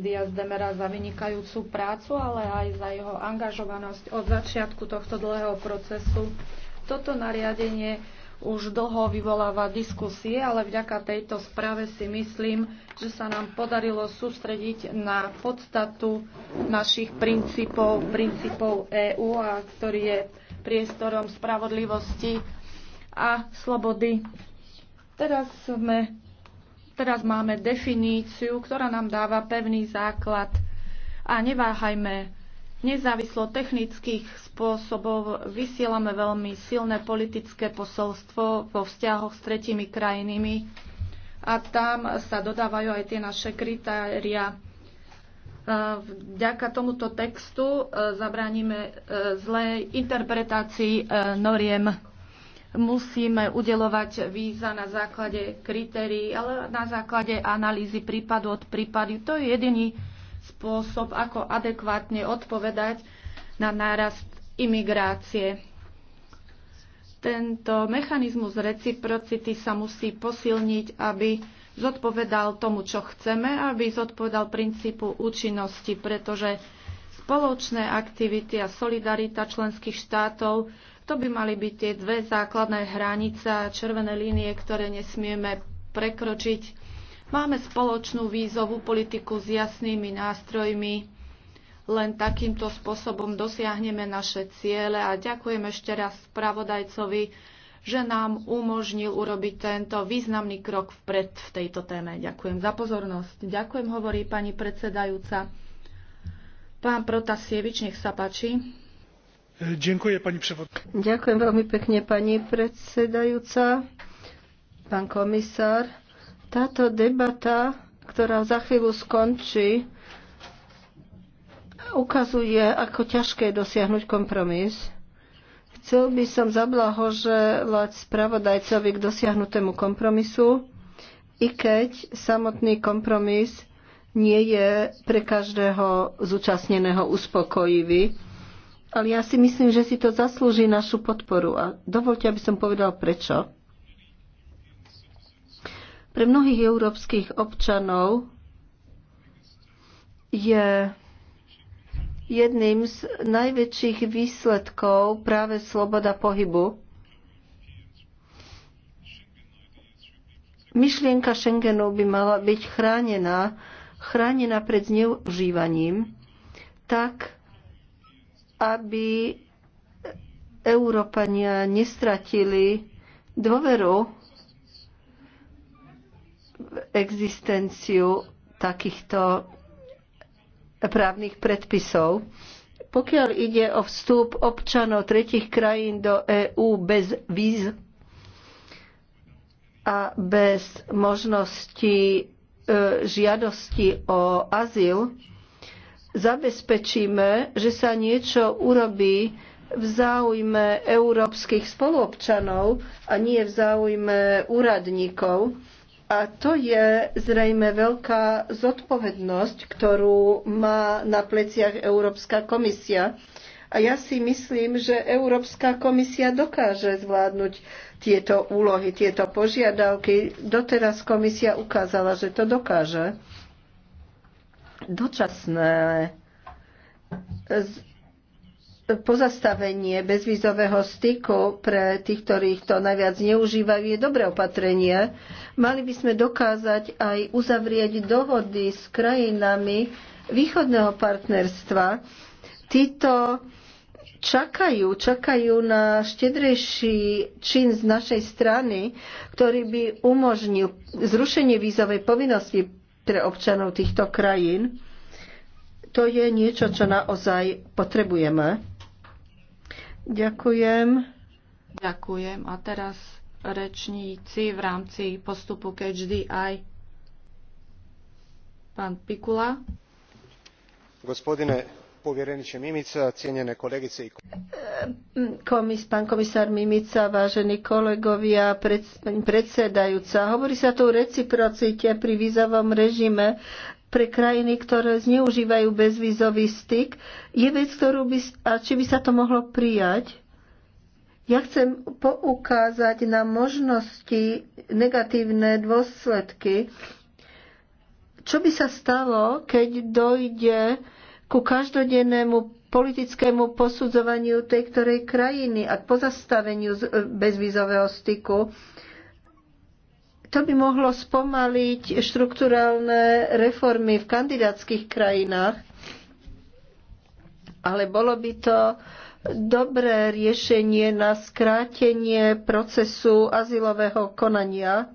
Diaz Demera za vynikajúcu prácu, ale aj za jeho angažovanosť od začiatku tohto dlhého procesu. Toto nariadenie už dlho vyvoláva diskusie, ale vďaka tejto správe si myslím, že sa nám podarilo sústrediť na podstatu našich princípov, princípov EÚ, a ktorý je priestorom spravodlivosti a slobody. Teraz, sme, teraz máme definíciu, ktorá nám dáva pevný základ a neváhajme Nezávislo technických spôsobov vysielame veľmi silné politické posolstvo vo vzťahoch s tretimi krajinami a tam sa dodávajú aj tie naše kritéria. E, vďaka tomuto textu e, zabránime e, zlej interpretácii noriem. Musíme udelovať víza na základe kritérií, ale na základe analýzy prípadu od prípadu. To je jediný spôsob, ako adekvátne odpovedať na nárast imigrácie. Tento mechanizmus reciprocity sa musí posilniť, aby zodpovedal tomu, čo chceme, aby zodpovedal princípu účinnosti, pretože spoločné aktivity a solidarita členských štátov, to by mali byť tie dve základné hranice a červené línie, ktoré nesmieme prekročiť Máme spoločnú vízovú politiku s jasnými nástrojmi. Len takýmto spôsobom dosiahneme naše ciele a ďakujem ešte raz spravodajcovi, že nám umožnil urobiť tento významný krok vpred v tejto téme. Ďakujem za pozornosť. Ďakujem, hovorí pani predsedajúca. Pán Protasievič, nech sa páči. Ďakujem, pani prevodkynia. Ďakujem veľmi pekne, pani predsedajúca, pán komisár. Táto debata, ktorá za chvíľu skončí, ukazuje, ako ťažké je dosiahnuť kompromis. Chcel by som zablahoželať spravodajcovi k dosiahnutému kompromisu, i keď samotný kompromis nie je pre každého zúčastneného uspokojivý. Ale ja si myslím, že si to zaslúži našu podporu. A dovolte, aby som povedal prečo. Pre mnohých európskych občanov je jedným z najväčších výsledkov práve sloboda pohybu. Myšlienka Schengenu by mala byť chránená, chránená pred zneužívaním, tak, aby Európania nestratili dôveru existenciu takýchto právnych predpisov. Pokiaľ ide o vstup občanov tretich krajín do EÚ bez víz a bez možnosti e, žiadosti o azyl, zabezpečíme, že sa niečo urobí v záujme európskych spoluobčanov a nie v záujme úradníkov. A to je zrejme veľká zodpovednosť, ktorú má na pleciach Európska komisia. A ja si myslím, že Európska komisia dokáže zvládnuť tieto úlohy, tieto požiadavky. Doteraz komisia ukázala, že to dokáže. Dočasné pozastavenie bezvízového styku pre tých, ktorých to najviac neužívajú, je dobré opatrenie. Mali by sme dokázať aj uzavrieť dohody s krajinami východného partnerstva. Títo čakajú, čakajú na štedrejší čin z našej strany, ktorý by umožnil zrušenie vízovej povinnosti pre občanov týchto krajín. To je niečo, čo naozaj potrebujeme. Ďakujem. Ďakujem. A teraz rečníci v rámci postupu KHD aj pán Pikula. Gospodine povjereniče Mimica, cijenjene kolegice i e, Komis, pán komisár Mimica, vážení kolegovia, predsedajúca. Hovorí sa tu o reciprocite pri vízovom režime pre krajiny, ktoré zneužívajú bezvízový styk, je vec, ktorú by, a či by sa to mohlo prijať. Ja chcem poukázať na možnosti negatívne dôsledky. Čo by sa stalo, keď dojde ku každodennému politickému posudzovaniu tej ktorej krajiny a k pozastaveniu bezvízového styku? To by mohlo spomaliť štrukturálne reformy v kandidátskych krajinách, ale bolo by to dobré riešenie na skrátenie procesu azylového konania.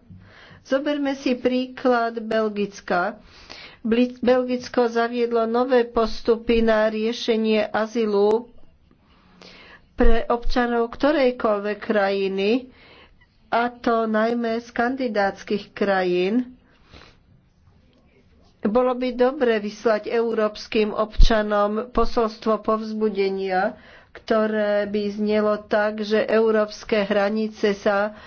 Zoberme si príklad Belgicka. Belgicko zaviedlo nové postupy na riešenie azylu pre občanov ktorejkoľvek krajiny, a to najmä z kandidátskych krajín. Bolo by dobre vyslať európskym občanom posolstvo povzbudenia, ktoré by znelo tak, že európske hranice sa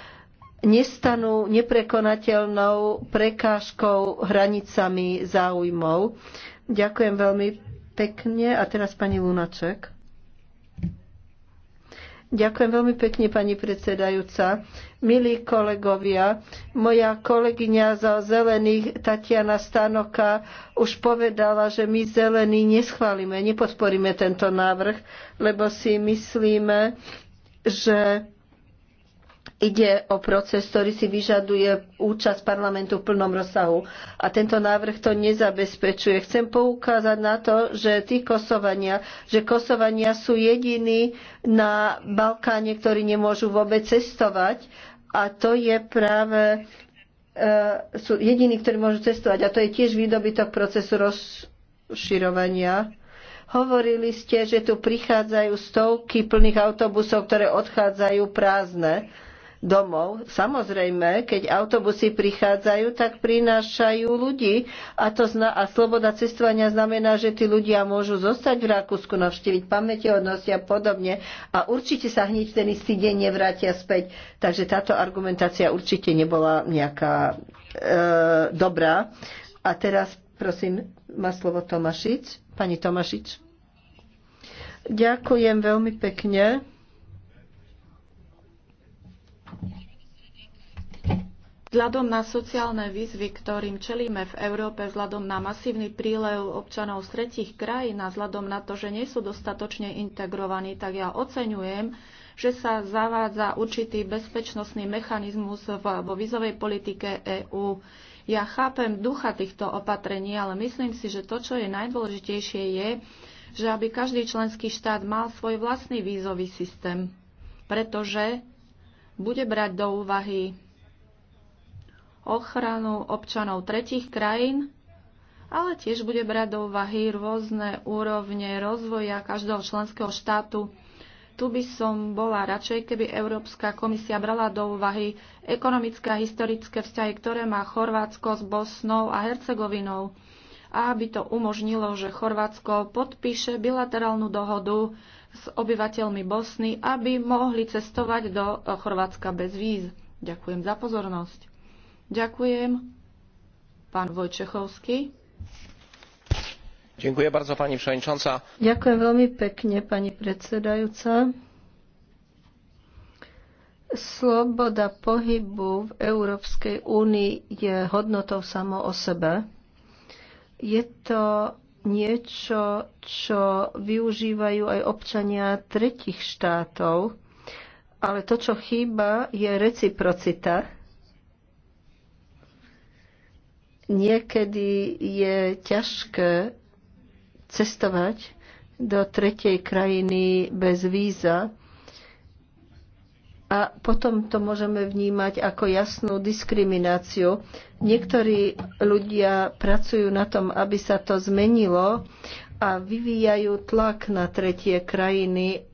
nestanú neprekonateľnou prekážkou hranicami záujmov. Ďakujem veľmi pekne. A teraz pani Lunaček. Ďakujem veľmi pekne, pani predsedajúca. Milí kolegovia, moja kolegyňa za zelených Tatiana Stanoka už povedala, že my zelení neschválime, nepodporíme tento návrh, lebo si myslíme, že Ide o proces, ktorý si vyžaduje účasť parlamentu v plnom rozsahu. A tento návrh to nezabezpečuje. Chcem poukázať na to, že tí Kosovania, že Kosovania sú jediní na Balkáne, ktorí nemôžu vôbec cestovať. A to je práve e, sú jediní, ktorí môžu cestovať. A to je tiež výdobytok procesu rozširovania Hovorili ste, že tu prichádzajú stovky plných autobusov, ktoré odchádzajú prázdne domov. Samozrejme, keď autobusy prichádzajú, tak prinášajú ľudí a, to zna- a sloboda cestovania znamená, že tí ľudia môžu zostať v Rakúsku, navštíviť pamätehodnosti a podobne a určite sa hneď ten istý deň nevrátia späť. Takže táto argumentácia určite nebola nejaká e, dobrá. A teraz prosím, má slovo Tomašič. Pani Tomašič. Ďakujem veľmi pekne. Vzhľadom na sociálne výzvy, ktorým čelíme v Európe, vzhľadom na masívny prílev občanov z tretich krajín a vzhľadom na to, že nie sú dostatočne integrovaní, tak ja oceňujem, že sa zavádza určitý bezpečnostný mechanizmus vo vízovej politike EÚ. Ja chápem ducha týchto opatrení, ale myslím si, že to, čo je najdôležitejšie, je, že aby každý členský štát mal svoj vlastný vízový systém, pretože bude brať do úvahy ochranu občanov tretich krajín, ale tiež bude brať do úvahy rôzne úrovne rozvoja každého členského štátu. Tu by som bola radšej, keby Európska komisia brala do úvahy ekonomické a historické vzťahy, ktoré má Chorvátsko s Bosnou a Hercegovinou a aby to umožnilo, že Chorvátsko podpíše bilaterálnu dohodu s obyvateľmi Bosny, aby mohli cestovať do Chorvátska bez víz. Ďakujem za pozornosť. Ďakujem. Pán Vojčechovský. Ďakujem bardzo, pani przewodnicząca. Ďakujem veľmi pekne, pani predsedajúca. Sloboda pohybu v Európskej únii je hodnotou samo o sebe. Je to niečo, čo využívajú aj občania tretich štátov, ale to, čo chýba, je reciprocita. Niekedy je ťažké cestovať do tretej krajiny bez víza a potom to môžeme vnímať ako jasnú diskrimináciu. Niektorí ľudia pracujú na tom, aby sa to zmenilo a vyvíjajú tlak na tretie krajiny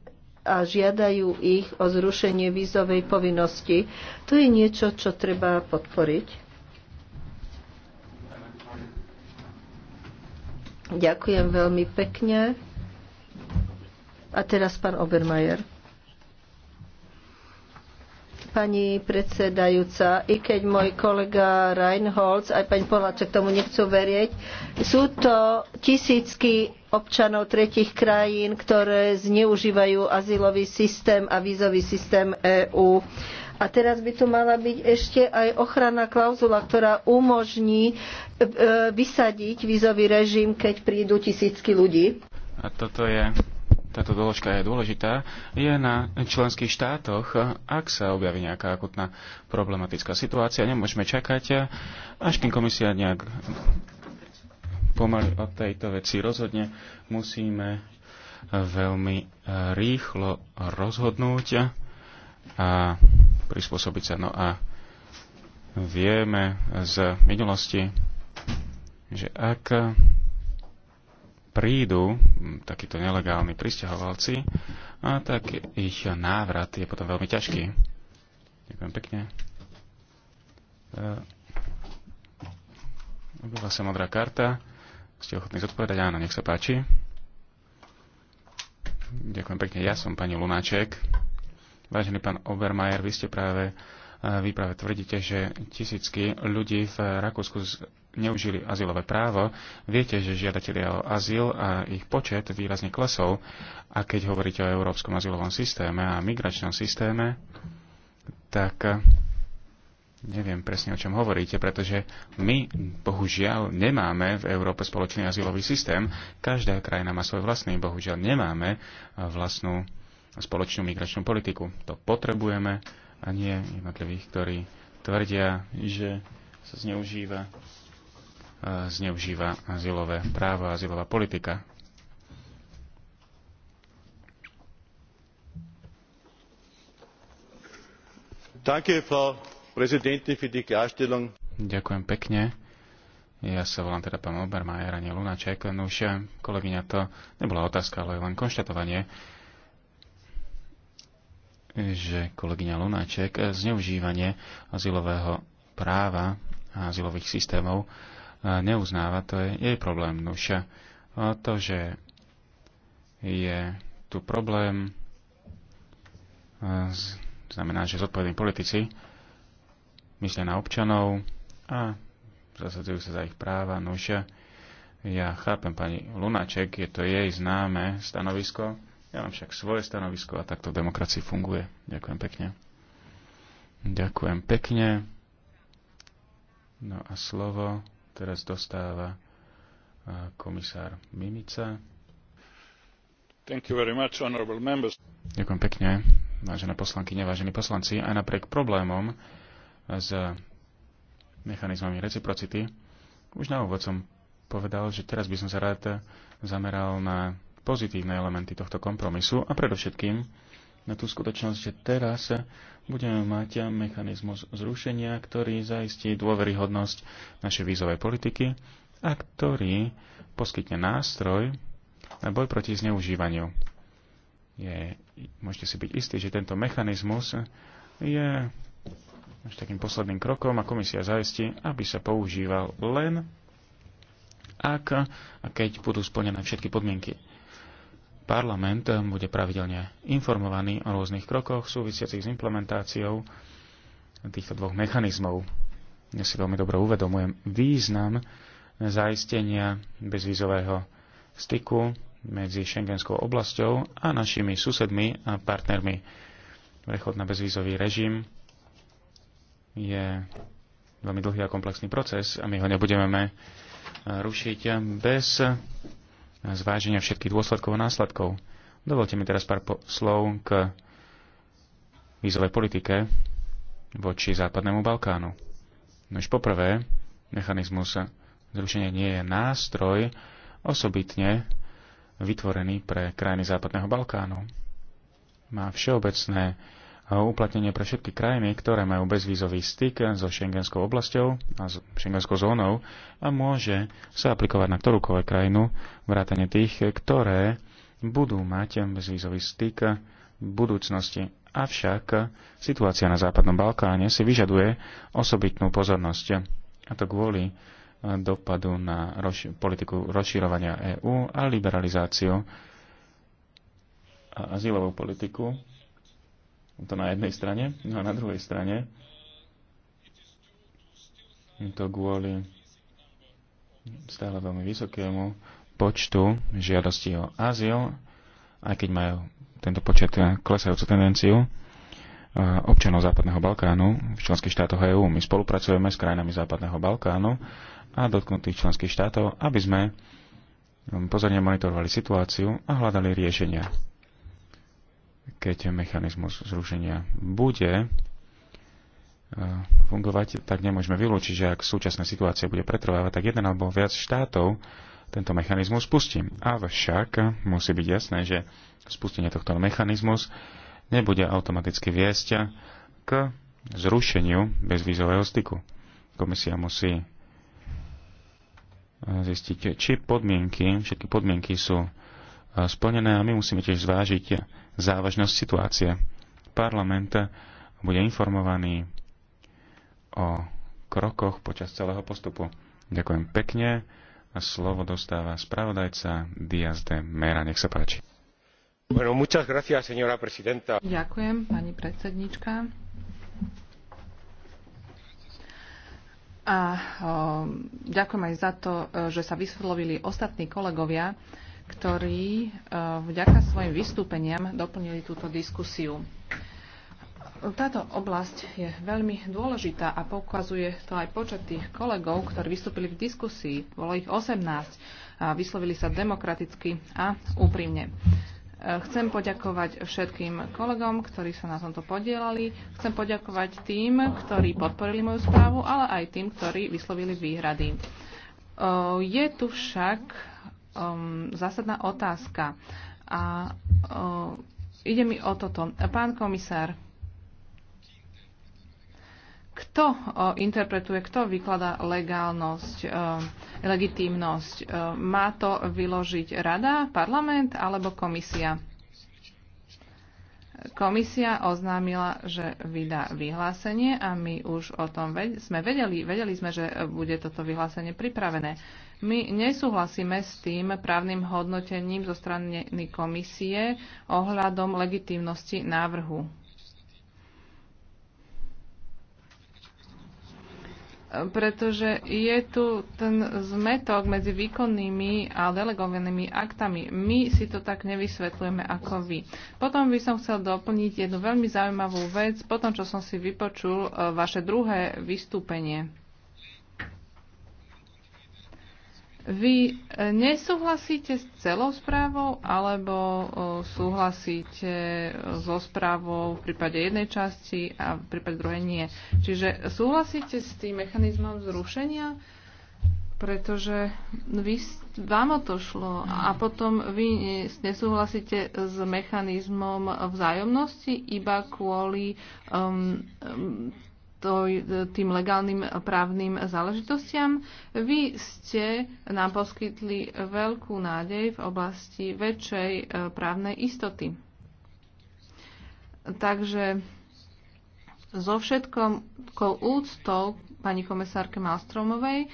a žiadajú ich o zrušenie vízovej povinnosti. To je niečo, čo treba podporiť. Ďakujem veľmi pekne. A teraz pán Obermajer. Pani predsedajúca, i keď môj kolega Reinholz, aj pani Poláček tomu nechcú verieť, sú to tisícky občanov tretich krajín, ktoré zneužívajú azylový systém a vízový systém EÚ. A teraz by tu mala byť ešte aj ochranná klauzula, ktorá umožní e, vysadiť vízový režim, keď prídu tisícky ľudí. A toto je, táto doložka je dôležitá, je na členských štátoch, ak sa objaví nejaká akutná problematická situácia, nemôžeme čakať, až kým komisia nejak pomaly o tejto veci. Rozhodne musíme eh, veľmi eh, rýchlo rozhodnúť a prispôsobiť sa. No a vieme z minulosti, že ak prídu takíto nelegálni pristahovalci, a tak ich návrat je potom veľmi ťažký. Ďakujem pekne. Eh, Bola sa modrá karta. Ste ochotní zodpovedať? Áno, nech sa páči. Ďakujem pekne. Ja som pani Lunáček. Vážený pán Obermajer, vy ste práve, e, vy práve tvrdíte, že tisícky ľudí v Rakúsku neužili azylové právo. Viete, že žiadatelia o azyl a ich počet výrazne klesol. A keď hovoríte o európskom azylovom systéme a migračnom systéme, tak neviem presne, o čom hovoríte, pretože my, bohužiaľ, nemáme v Európe spoločný azylový systém. Každá krajina má svoj vlastný, bohužiaľ, nemáme e, vlastnú spoločnú migračnú politiku. To potrebujeme a nie jednotlivých, ktorí tvrdia, že sa zneužíva, e, zneužíva azylové právo, azylová politika. Danke, Frau Ďakujem pekne. Ja sa volám teda pán Obermajer a nie Lunaček, len už eh, kolegyňa to nebola otázka, ale len konštatovanie, že kolegyňa Lunaček eh, zneužívanie azylového práva a azylových systémov eh, neuznáva, to je jej problém. Už to, že je tu problém, znamená, že zodpovední politici myslia na občanov a zasadzujú sa za ich práva. Nože, ja chápem pani Lunaček, je to jej známe stanovisko, ja mám však svoje stanovisko a takto v demokracii funguje. Ďakujem pekne. Ďakujem pekne. No a slovo teraz dostáva komisár Mimica. Thank you very much, honorable members. Ďakujem pekne, vážené poslanky, nevážení poslanci. Aj napriek problémom, s mechanizmami reciprocity. Už na úvod som povedal, že teraz by som sa rád zameral na pozitívne elementy tohto kompromisu a predovšetkým na tú skutočnosť, že teraz budeme mať mechanizmus zrušenia, ktorý zaistí dôveryhodnosť našej vízovej politiky a ktorý poskytne nástroj na boj proti zneužívaniu. Je, môžete si byť istí, že tento mechanizmus je až takým posledným krokom a komisia zaistí, aby sa používal len ak a keď budú splnené všetky podmienky. Parlament bude pravidelne informovaný o rôznych krokoch súvisiacich s implementáciou týchto dvoch mechanizmov. Ja si veľmi dobre uvedomujem význam zaistenia bezvízového styku medzi šengenskou oblasťou a našimi susedmi a partnermi. Prechod na bezvízový režim je veľmi dlhý a komplexný proces a my ho nebudeme eh, rušiť bez zváženia všetkých dôsledkov a následkov. Dovolte mi teraz pár slov k vízovej politike voči Západnému Balkánu. No už poprvé, mechanizmus zrušenia nie je nástroj osobitne vytvorený pre krajiny Západného Balkánu. Má všeobecné uplatnenie pre všetky krajiny, ktoré majú bezvízový styk so šengenskou oblasťou a s šengenskou zónou a môže sa aplikovať na ktorúkoľvek krajinu, vrátane tých, ktoré budú mať bezvízový styk v budúcnosti. Avšak situácia na Západnom Balkáne si vyžaduje osobitnú pozornosť. A to kvôli dopadu na roš- politiku rozširovania EÚ a liberalizáciu a azylovú politiku to na jednej strane. No a na druhej strane to kvôli stále veľmi vysokému počtu žiadostí o azyl, aj keď majú tento počet eh, klesajúcu tendenciu, eh, občanov Západného Balkánu v členských štátoch EÚ. My spolupracujeme s krajinami Západného Balkánu a dotknutých členských štátov, aby sme mm, pozorne monitorovali situáciu a hľadali riešenia keď mechanizmus zrušenia bude e, fungovať, tak nemôžeme vylúčiť, že ak súčasná situácia bude pretrvávať, tak jeden alebo viac štátov tento mechanizmus spustí. Avšak musí byť jasné, že spustenie tohto mechanizmus nebude automaticky viesť k zrušeniu bezvízového styku. Komisia musí e, zistiť, či podmienky, všetky podmienky sú splnené a my musíme tiež zvážiť závažnosť situácie. Parlament bude informovaný o krokoch počas celého postupu. Ďakujem pekne a slovo dostáva spravodajca Diaz de Mera. Nech sa páči. Bueno, muchas gracias, señora presidenta. Ďakujem, pani predsednička. A o, ďakujem aj za to, že sa vyslovili ostatní kolegovia ktorí e, vďaka svojim vystúpeniam doplnili túto diskusiu. Táto oblasť je veľmi dôležitá a poukazuje to aj počet tých kolegov, ktorí vystúpili v diskusii. Bolo ich 18 a vyslovili sa demokraticky a úprimne. E, chcem poďakovať všetkým kolegom, ktorí sa na tomto podielali. Chcem poďakovať tým, ktorí podporili moju správu, ale aj tým, ktorí vyslovili výhrady. E, je tu však um, zásadná otázka. A um, ide mi o toto. Pán komisár, kto o, uh, interpretuje, kto vykladá legálnosť, um, legitímnosť? Um, má to vyložiť rada, parlament alebo komisia? Komisia oznámila, že vydá vyhlásenie a my už o tom ved- sme vedeli, vedeli sme, že bude toto vyhlásenie pripravené. My nesúhlasíme s tým právnym hodnotením zo strany komisie ohľadom legitimnosti návrhu. pretože je tu ten zmetok medzi výkonnými a delegovanými aktami. My si to tak nevysvetlujeme ako vy. Potom by som chcel doplniť jednu veľmi zaujímavú vec, potom čo som si vypočul e, vaše druhé vystúpenie. Vy e, nesúhlasíte s celou správou alebo e, súhlasíte e, so správou v prípade jednej časti a v prípade druhej nie. Čiže súhlasíte s tým mechanizmom zrušenia, pretože vy, vám o to šlo a potom vy nesúhlasíte s mechanizmom vzájomnosti iba kvôli um, um, tým legálnym právnym záležitostiam. Vy ste nám poskytli veľkú nádej v oblasti väčšej e, právnej istoty. Takže so všetkou úctou pani komisárke Malstromovej e,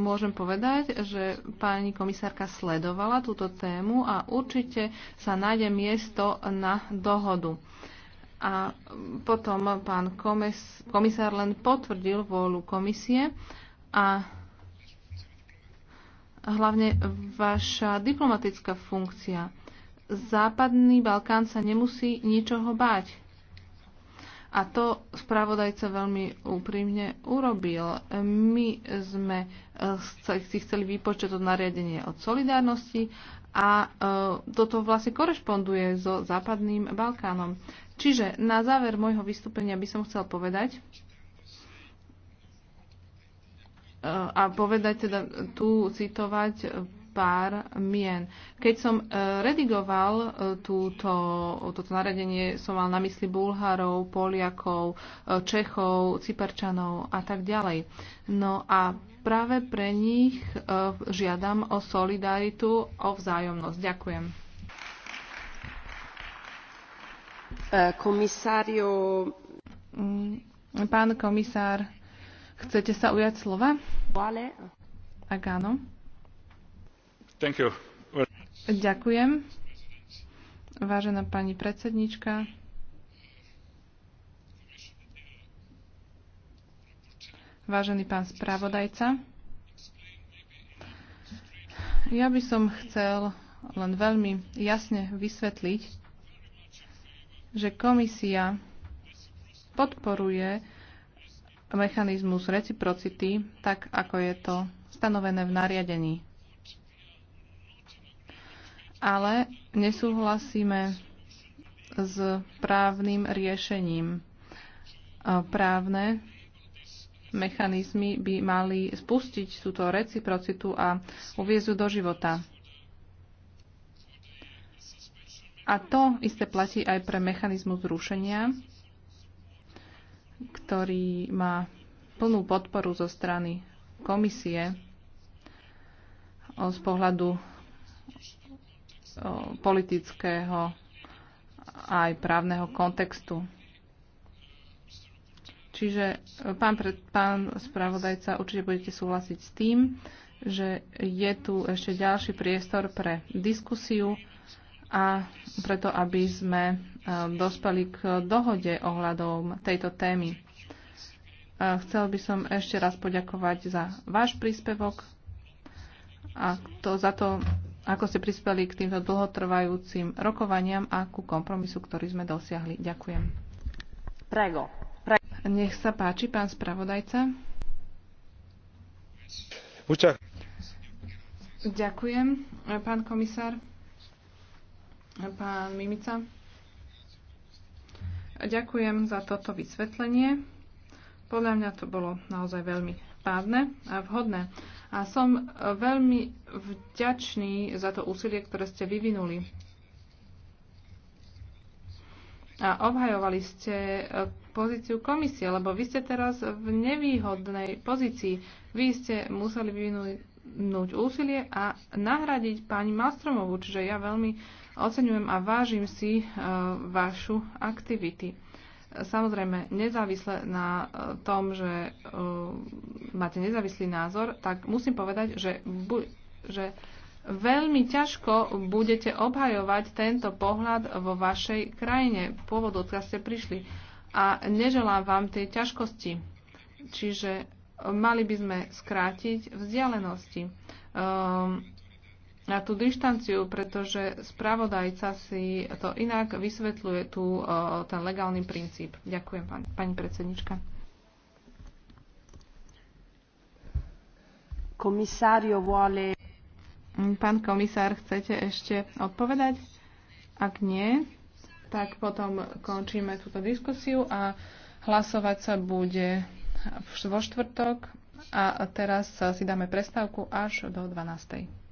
môžem povedať, že pani komisárka sledovala túto tému a určite sa nájde miesto na dohodu a potom pán komisár len potvrdil vôľu komisie a hlavne vaša diplomatická funkcia. Západný Balkán sa nemusí ničoho báť. A to spravodajca veľmi úprimne urobil. My sme si chceli vypočuť od nariadenie od solidárnosti a e, toto vlastne korešponduje so Západným Balkánom. Čiže na záver môjho vystúpenia by som chcel povedať, eh, a povedať teda tu citovať pár mien. Keď som eh, redigoval eh, túto, toto naradenie, som mal na mysli Bulharov, Poliakov, Čechov, Cyperčanov a tak ďalej. No a práve pre nich žiadam o solidaritu, o vzájomnosť. Ďakujem. Mm, pán komisár, chcete sa ujať slova? Ak áno. Ďakujem. Vážená pani predsednička, vážený pán spravodajca. Ja by som chcel len veľmi jasne vysvetliť, že komisia podporuje mechanizmus reciprocity, tak ako je to stanovené v nariadení. Ale nesúhlasíme s právnym riešením. Právne mechanizmy by mali spustiť túto reciprocitu a uviezť do života. A to isté platí aj pre mechanizmus zrušenia, ktorý má plnú podporu zo strany komisie z pohľadu politického a aj právneho kontextu. Čiže, e, pán, pred, pán spravodajca, určite budete súhlasiť s tým, že je tu ešte ďalší priestor pre diskusiu a preto, aby sme e, dospeli k dohode ohľadom tejto témy. E, chcel by som ešte raz poďakovať za váš príspevok a to, za to, ako ste prispeli k týmto dlhotrvajúcim rokovaniam a ku kompromisu, ktorý sme dosiahli. Ďakujem. Prego. Prego. Nech sa páči, pán spravodajca. Ďakujem, pán komisár. Pán Mimica. Ďakujem za toto vysvetlenie. Podľa mňa to bolo naozaj veľmi pádne a vhodné. A som veľmi vďačný za to úsilie, ktoré ste vyvinuli. A obhajovali ste e, pozíciu komisie, lebo vy ste teraz v nevýhodnej pozícii. Vy ste museli vyvinúť úsilie a nahradiť pani Mastromovú, čiže ja veľmi Oceňujem a vážim si e, vašu aktivity. Samozrejme, nezávisle na e, tom, že e, máte nezávislý názor, tak musím povedať, že, bu- že veľmi ťažko budete obhajovať tento pohľad vo vašej krajine, pôvod, odkiaľ ste prišli. A neželám vám tie ťažkosti. Čiže mali by sme skrátiť vzdialenosti. Um, na tú dištanciu, pretože spravodajca si to inak vysvetľuje tu ten legálny princíp. Ďakujem, pán, pani predsednička. Komisário vuole... Pán komisár, chcete ešte odpovedať? Ak nie, tak potom končíme túto diskusiu a hlasovať sa bude vo štvrtok a teraz si dáme prestávku až do 12.